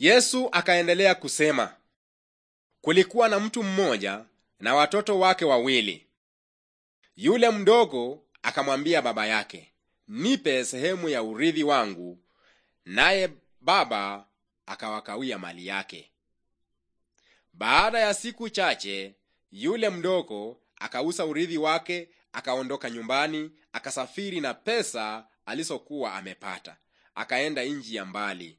Yesu akaendelea kusema, kulikuwa na mtu mmoja na watoto wake wawili. Yule mdogo akamwambia baba yake, nipe sehemu ya urithi wangu, naye baba akawakawia mali yake. Baada ya siku chache, yule mdogo akausa urithi wake, akaondoka nyumbani, akasafiri na pesa alizokuwa amepata, akaenda nji ya mbali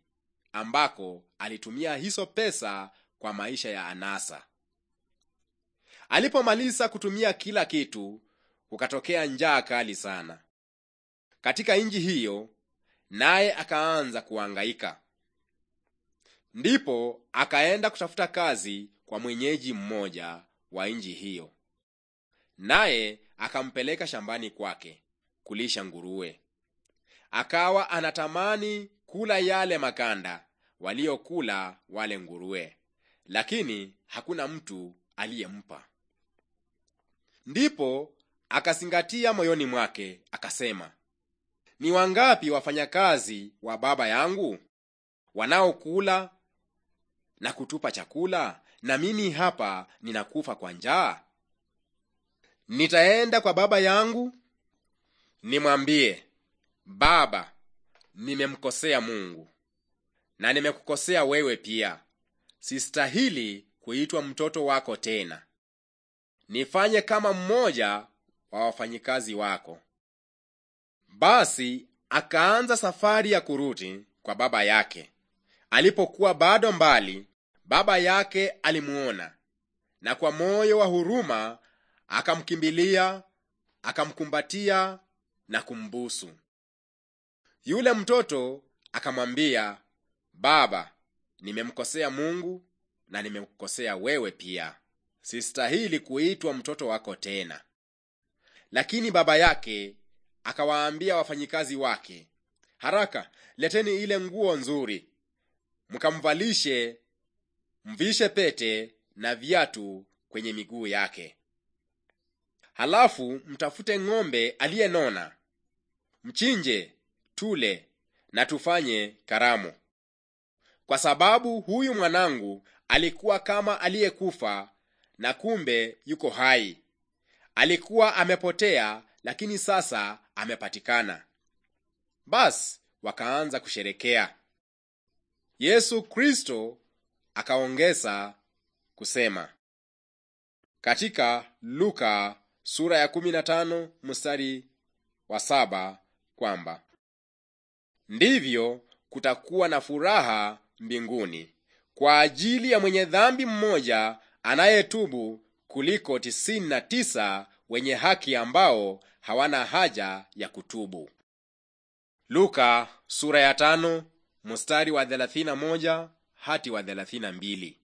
ambako alitumia hizo pesa kwa maisha ya anasa. Alipomaliza kutumia kila kitu, kukatokea njaa kali sana katika nchi hiyo, naye akaanza kuangaika Ndipo akaenda kutafuta kazi kwa mwenyeji mmoja wa nchi hiyo, naye akampeleka shambani kwake kulisha nguruwe. Akawa anatamani kula yale makanda waliokula wale nguruwe, lakini hakuna mtu aliyempa. Ndipo akazingatia moyoni mwake akasema, ni wangapi wafanyakazi wa baba yangu wanaokula na kutupa chakula, na mimi hapa ninakufa kwa njaa? Nitaenda kwa baba yangu nimwambie, Baba, nimemkosea Mungu na nimekukosea wewe pia. Sistahili kuitwa mtoto wako tena. Nifanye kama mmoja wa wafanyikazi wako. Basi akaanza safari ya kurudi kwa baba yake. Alipokuwa bado mbali, baba yake alimuona, na kwa moyo wa huruma akamkimbilia, akamkumbatia na kumbusu. Yule mtoto akamwambia, baba, nimemkosea Mungu na nimekukosea wewe pia, sistahili kuitwa mtoto wako tena. Lakini baba yake akawaambia wafanyikazi wake, haraka leteni ile nguo nzuri, mkamvalishe, mvishe pete na viatu kwenye miguu yake. Halafu mtafute ng'ombe aliyenona, mchinje tule na tufanye karamu, kwa sababu huyu mwanangu alikuwa kama aliyekufa na kumbe yuko hai, alikuwa amepotea lakini sasa amepatikana. Basi wakaanza kusherekea. Yesu Kristo akaongeza kusema katika Luka sura ya 15 mstari wa 7 kwamba ndivyo kutakuwa na furaha mbinguni kwa ajili ya mwenye dhambi mmoja anayetubu kuliko tisini na tisa wenye haki ambao hawana haja ya kutubu. Luka sura ya tano mstari wa hadi wa